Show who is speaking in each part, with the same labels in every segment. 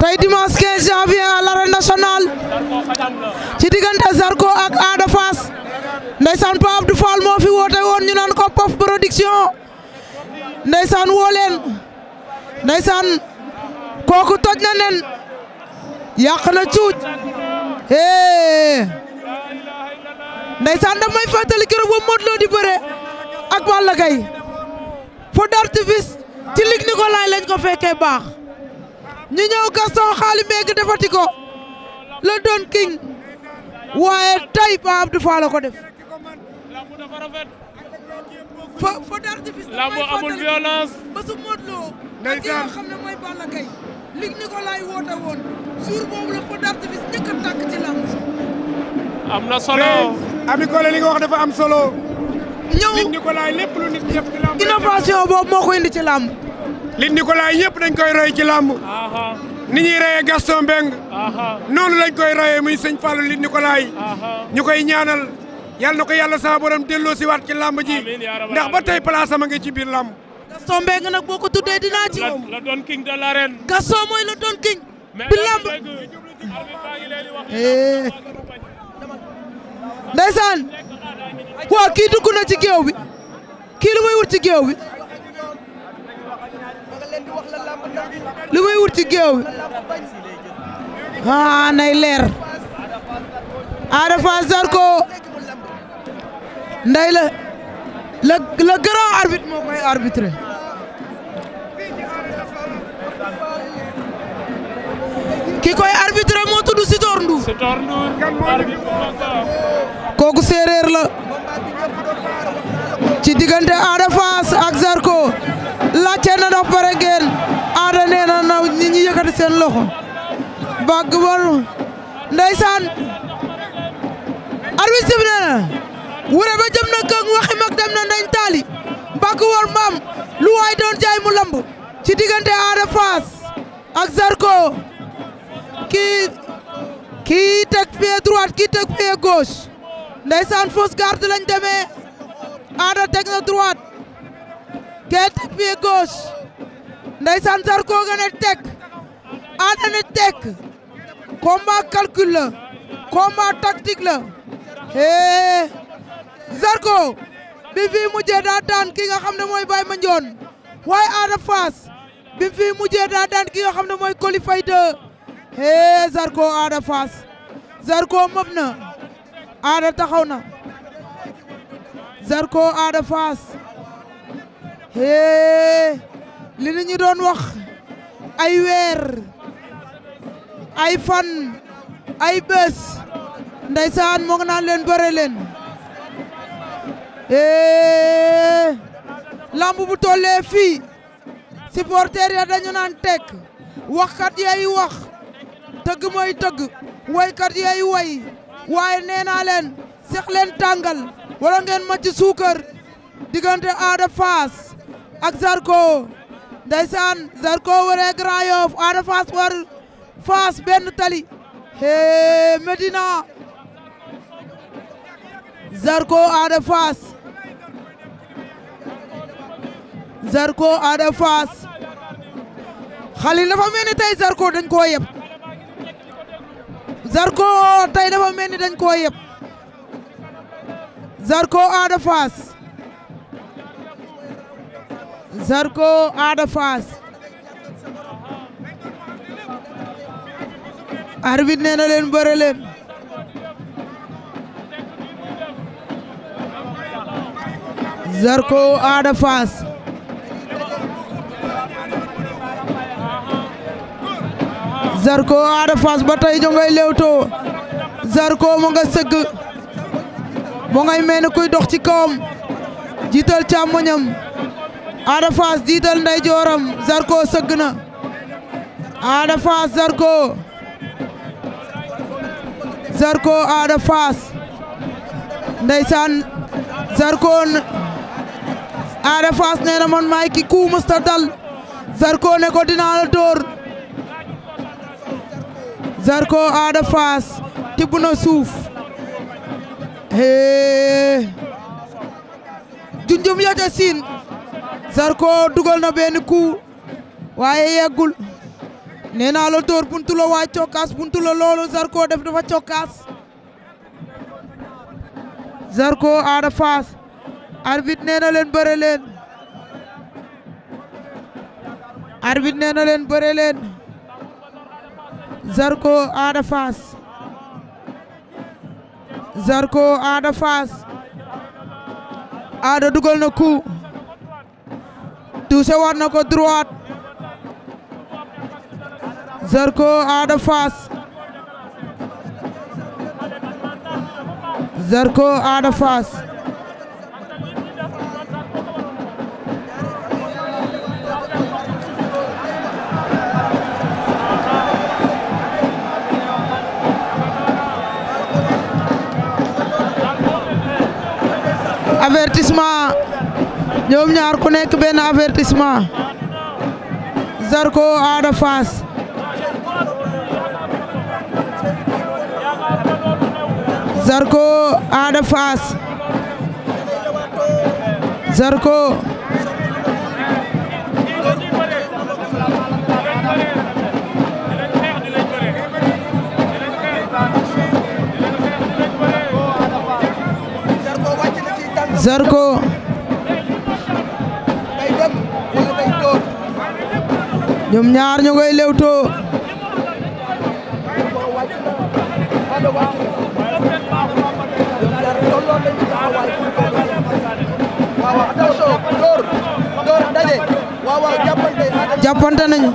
Speaker 1: tey dimanche 15 janvier à l'arène nationale ci diggante Zarko ak Ada Fass ndeysaan Pa Abdou Fall moo fi woote woon ñu naan ko Pof Production ndeysaan woo leen ndeysaan kooku toj na nen yàq na cuuj hee ndeysaan damay fàttali keroog ba Modou Lo di bëre ak Balla Gaye feu d'artifice ci lig Nikolaay lañ ko fekkee baax ñu ñëw Gaston xaali meeg defati ko la doon king waaye tay Pape Abdou ko def. fa fa dara ci bis. lamb amul ba su Modou Lo. ndeysaan ak xam ne mooy Balla Gaye. lig ni woote woon jour boobu la fa dara ci bis a ci lamb. am na solo ami Kole li wax dafa am solo. ñëw lig boobu moo ko indi ci lamb. li Nicolas ñëpp dañ koy roy ci làmb ni ñuy royee Gaston Mbengue noonu lañ koy royee muy sëñ Fallou li Nicolas ñu koy ñaanal yàlla na ko yàlla sama borom delloo si waat ci làmb ji ndax ba tey place a ngi ci biir làmb Gaston Mbengue nag boo ko tuddee dinaa ci la doon king de l'arène Gaston mooy la doon king bi làmb eh. kii dugg na ci géew bi kii lu wut ci géew bi lu wut ci géew bi ah nay leer Ada Fass Zarko nday la le le grand arbitre moo koy arbitré ki koy arbitré moo tudd Sitor Ndour kooku séeréer la ci diggante Ada coppare geen aada nee na na nit ñi yëkkati seen loxo bàgg baru ndeysaan arbitre bi nee na wure ba na këng waxi mag dem na ndañ taali bàgg war maam lu waay doon jaay mu lamb ci diggante aada faas ak Zarko kii teg pied droite kii teg pied gauche ndeysaan fausse garde lañ demee aada teg na droite kee teg pied gauche ndeysaan Zarko nga ne tek Ada ne tek combat calcul la combat tactique la hee Zarko bi fi mujjee daa daan ki nga xam ne mooy Baye Mandione waaye Ada Fass bi fi mujjee daa daan ki nga xam ne mooy Coly Faye 2 hee Zarko Ada Fass Zarko mëb na Ada taxaw na Zarko Ada Fass hee li ñu doon wax ay weer ay fan ay bés ndeysaan moo ngi leen bëre leen ee eh, bu tollee fii supporter ya dañu naan tekk waxkat yay wax tëgg mooy tëgg waykat yay way waaye nee naa leen sex tàngal wala ngeen ma ci suukar diggante Ada Fass ak Zarko ndeysaan Zarko wëree Grand Yoff Ada Fass war Fass benn tali hee Medina Zarko Ada Fass Zarko Ada Fass Khalil dafa mel ni Zarko dañ koo yeb Zarko tey dafa mel ni dañ koo yeb Zarko Ada Fass Zarko Ada Fass arbitre nee na leen bëre leen Zarko Ada ba tey jo ngay lewtoo Zarko mu nga sëgg mu ngay mel kuy dox ci kawam jiital càmmoñam Ada Fass jiital ndey jooram Zarko sëgg na Ada Fass Zarko Zarko Ada Fass ndeysaan Zarko Ada Fass nee man maay ki ku musta Zarko ne ko dinaa la dóor Zarko Ada Fass tibb suuf hee junjum ya ca Zarko dugal na benn coup waaye yeggul nee naa la dóor buntu la waa loolu Zarko def dafa cokkaas Zarko Ada Fass arbitre nee leen bëre leen arbitre nee na Zarko Ada Fass Zarko Ada Fass Ada dugal na coup tuuse war na ko droite Zarko Ada Fass Zarko Ada Fass ñoom ñaar ku nekk benn avertissement Zarko Ada Fass Zarko Ada Zarko ñoom ñaar ñu ngay lewtoo jàppante nañu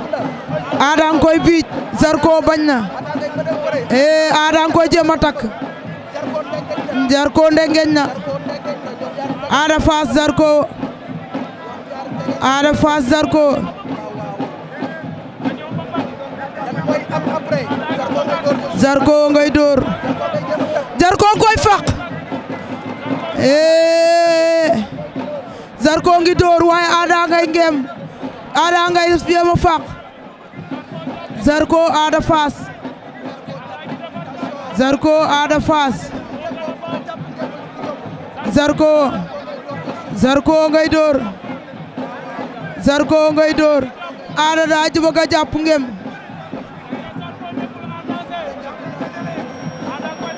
Speaker 1: Ada nga koy biij bañ na ee eh, Ada nga koy jéem a takk Zarko na Ada Fass Zarko Ada Fass Zarko Zarko ngay door Zarko koy faq ee eh. Zarko ngi dóor waaye Ada ngay ngem Ada ngay jéem a faq Zarko Ada Fass Zarko Ada Fass Zarko ngay dóor Zarko ngay dóor Ada daa juba ga jàpp ngem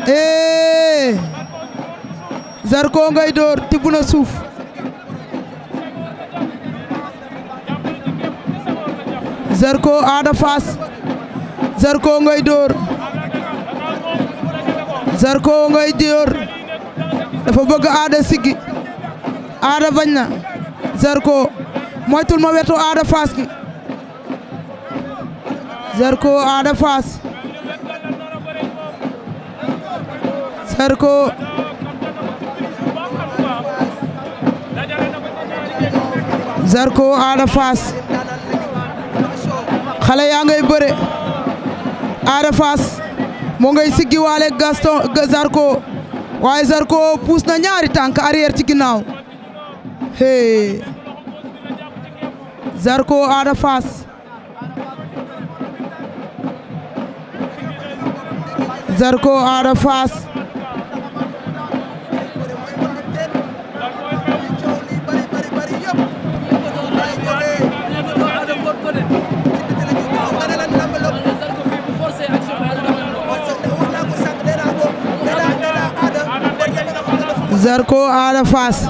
Speaker 1: ee Zarko ngay door tibb na suuf Zarko Ada Fass Zarko ngay door Zarko ngay door dafa bëgg Ada siggi Ada bañ na Zarko moytul ma wetu Ada Fass gi Zarko Ada Fass Zarko Zarko Ada Fass xale yaa ngay bëre Ada Fass moo ngay siggi waale Gaston Zarko waaye Zarko puus na ñaari tànk arrière ci ginnaaw hey Zarko Ada Fass Zarko Ada Fass Zarko Ada Fass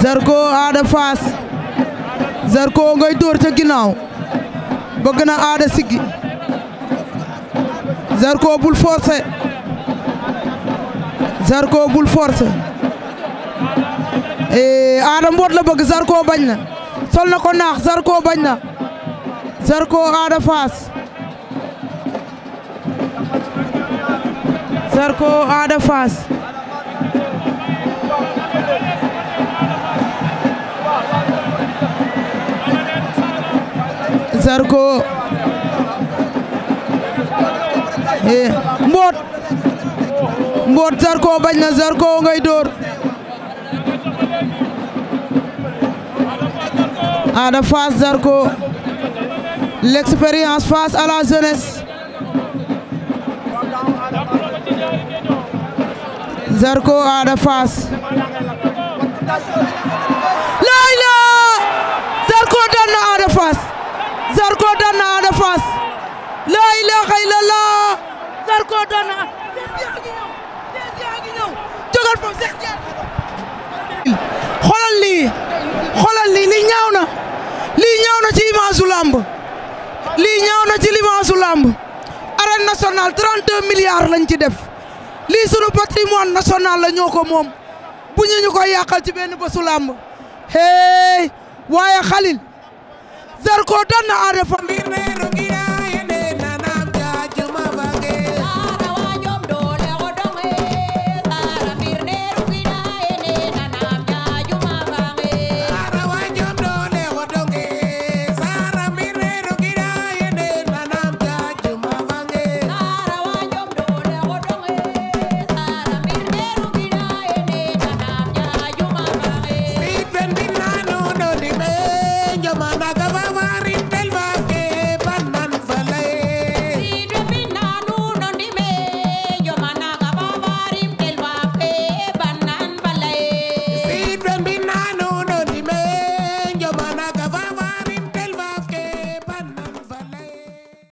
Speaker 1: Zarko Ada Fass ngay dóor ca ginnaaw bëgg na aada siggi Zarko bul forcé Zarko bul forcé eh, Ada mboot la bëgg Zarko bañ na sol na ko naax Zarko bañ na Zarko Ada Fass Zarko Ada Fass Zarko eh mboot mboot Zarko bañ na Zarko ngay door Ada Fass Zarko l'expérience face à la jeunesse Zarko Ada Fass laay la Zarko daan na Ada Fass Zarko daan na Ada Fass laa ilaaha illallaah Zarko daan na jógal foofu Cheikh Dieng xoolal lii xoolal ci image làmb lii ñëw na ci limaasu làmb arène nationale 32 milliards lañ ci def lii sunu patrimoine national la ñoo ko moom bu ñu ñu koy yàqal ci benn bésu làmb hey waaye xalil Zarko daan na Ada